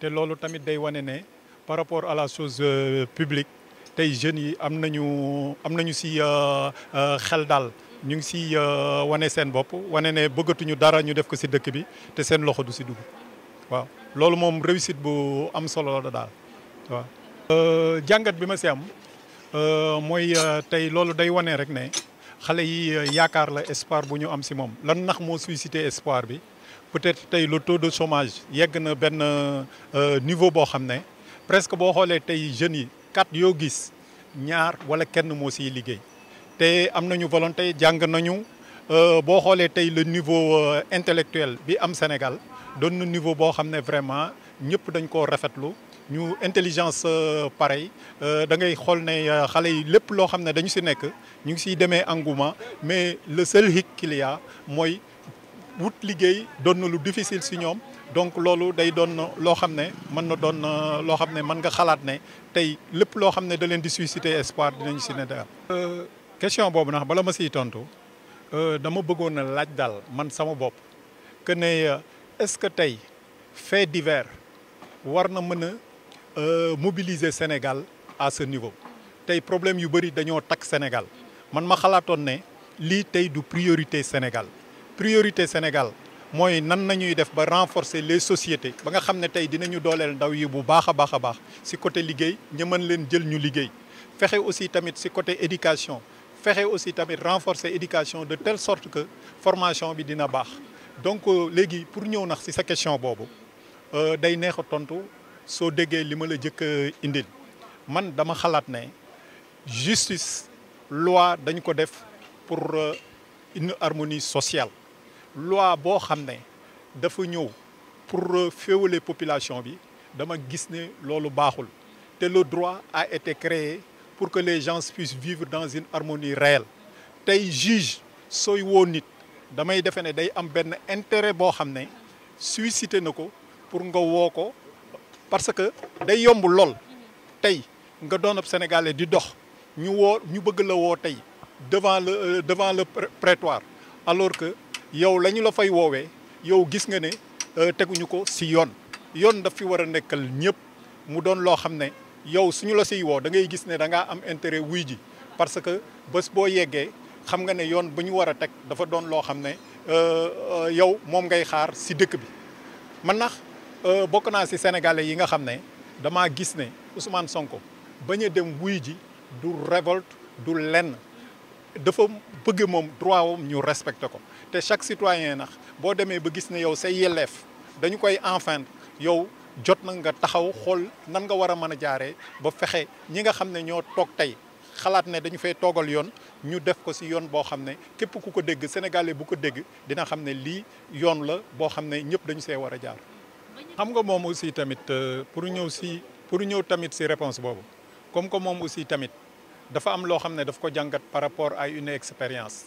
te loolu tamit day wane ne par rapport à la chose euh, publique tey jeunes yi am nañu am nañu si euh, euh, xel daal ñu ngi si wane seen bopp wane ne bëggatuñu dara ñu def ko si dëkk bi te seen loxo du si dugg waaw loolu moom réussite bu am solo la daal waaw. jàngat bi ma si am mooy tey loolu day wane rek ne xale yi yaakaar la espoir bu ñu am si moom lan nax moo suscité espoir bi. peut-être tey le taux de chômage yegg na benn euh, niveau boo xam presque boo xoolee tey jeunes yi quatre yoo gis ñaar wala kenn moo siy liggéey te am volonté jang nañu euh bo xolé tay le niveau euh, intellectuel bi am Sénégal don na niveau bo xamné vraiment ñëpp dañ ko rafetlu ñu intelligence euh, pareil euh da ngay xol né xalé yi lepp lo xamné dañu ci nekk ñu ci démé engouement mais le seul hic qu'il y a moy wut liggéey doon na lu difficile si ñoom donc loolu day doon loo xam ne mën na doon euh, loo xam ne mën nga xalaat ne tey lépp loo xam ne da leen di suicider espoir dinañ si ne dara. Euh, question boobu nag bala ma siy tontu euh, dama bëggoon a laaj dal man sama bopp que ne est-ce que tey fait divers war na mën a mobiliser Sénégal à ce niveau tey problème yu bëri dañoo takk Sénégal man ma xalaatoon ne lii tey du priorité Sénégal priorité Sénégal mooy nan nañuy def ba renforcer les sociétés ba nga xam ne tey dinañu dooleel ndaw yi bu baax a baax a si côté liggéey ñu mën leen jël ñu liggéey fexe aussi tamit si côté éducation fexe aussi tamit renforcer éducation de telle sorte que formation bi dina baax donc euh, léegi pour ñëw nax si sa question boobu euh, day neex a tontu soo déggee li la jëkk indil man dama xalaat ne justice loi dañ ko def pour euh, une harmonie sociale loi bo xamné dafa ñëw pour féewale population bi dama gis né lolu baxul té le droit a été créé pour que les gens puissent vivre dans une harmonie réelle tay juge soy wo nit damay défé né day am ben intérêt bo xamné suscité pour nga wo ko parce que day yomb lool tay nga doon ab sénégalais di dox ñu wo ñu bëgg la wo tay devant le euh, devant le prétoire alors que yow la ñu la fay woowee yow gis nga ne euh, teguñu ko si yoon yoon daf fi war a nekkal ñëpp mu doon loo xam ne yow suñu la siy woo da ngay gis ne da am intéret wuy ji parce que bés boo yeggee xam nga ne yoon ba ñu war a teg dafa doon loo xam ne euh, euh, yow moom ngay xaar si dëkk bi man nax bokk naa si sénégalais yi nga xam ne dama gis ne Ousmane Sonko bañ a dem wuy ji du révolte du lenn dafa bëgg moom droit wam ñu respecté ko chaque citoyen nag boo ba gis ne yow say yelleef dañu koy jot na nga taxaw xol nan nga war mëna mën ba fexé ne tok tay xalaat dañu fay yoon ñu def ko ci yoon képp dégg sénégalais bu ko dégg dina yoon la ñëpp dañu xam aussi tamit euh, pour ci réponse comme comme aussi tamit dafa am ko par rapport à une expérience.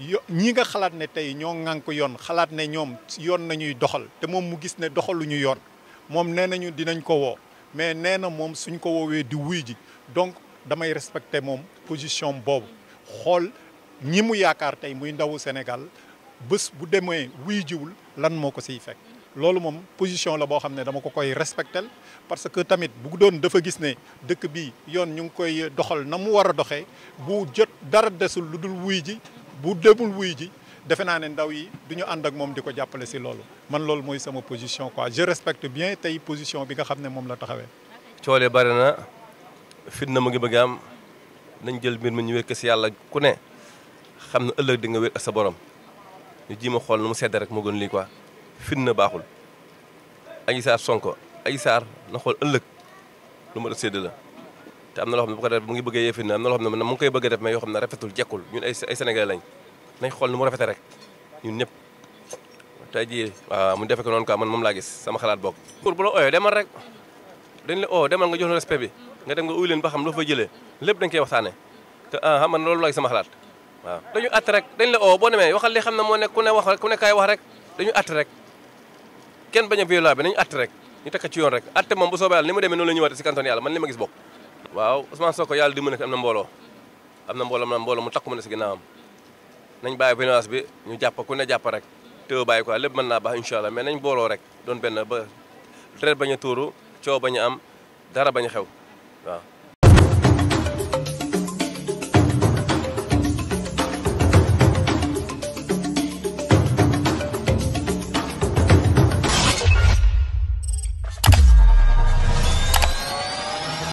yo ñi nga xalaat ne tey ñoo ko yoon xalaat ne ñoom yoon nañuy doxal te moom mu gis ne doxaluñu yoon moom nee nañu dinañ ko woo mais nee na moom suñ ko woowee di wuy ji donc damay respecté moom position boobu xool ñi mu yaakaar tey muy ndawu Sénégal bés bu demee wuy jiwul lan moo ko siy fekk loolu moom position la boo xam ne dama ko koy respectel parce que tamit bu doon dafa gis ne dëkk bi yoon ñu ngi koy doxal na mu war a doxee bu jot dara desul lu dul wuy ji bu demul wuy ji defe naa ne ndaw yi du ñu ànd ak moom di ko jàppale si loolu man loolu mooy sama position quoi je respecte bien tey position bi nga xam ne moom la taxawee. coole bari na fit na ngi bëgg am nañ jël mbir mi ñu wékk si yàlla ku ne xam na ëllëg di nga wér sa borom ñu ji ma xool nu mu sedd rek moo gën lii quoi na baaxul. Adji Sarr Sonko Adji Sarr na xool ëllëg lu ma a sédd la. te am na loo xam ne bu ko def mu ngi bëgg a yëfin am na loo xam ne mu ngi koy bëgg a def mais yoo xam ne rafetul jekkul ñun ay ay sénégalais lañ nañ xool nu mu rafetee rek ñun ñëpp tey jii mu defe ko noonu quoi man moom laa gis sama xalaat bokk. pour bu la ooyee demal rek dañ la oo demal nga jox respect bi nga dem nga uy leen ba xam loo fay jëlee lépp dañ koy waxtaanee te ah man loolu laa gis sama xalaat waaw. dañu att rek dañ la oo boo demee waxal li xam ne moo nekk ku ne wax rek ku ne kaay wax rek dañu att rek kenn bañ a violer bi nañu att rek ñu takk ci yoon rek att moom bu soobee yàlla ni mu demee noonu la ñëwaatee si kantoon yàlla man li ma gis bokk waaw Ousmane Sokko yàlla dimbali nekk am na mbooloo am na mbooloo am na mbooloo mu takku ma ne si ginnaawam nañ bàyyi violence bi ñu jàpp ku ne jàpp rek téew bàyyi quoi lépp mën naa baax incha allah mais nañ mbooloo rek doon benn ba ret bañ a tuuru coow bañ a am dara bañ a ha. xew waaw.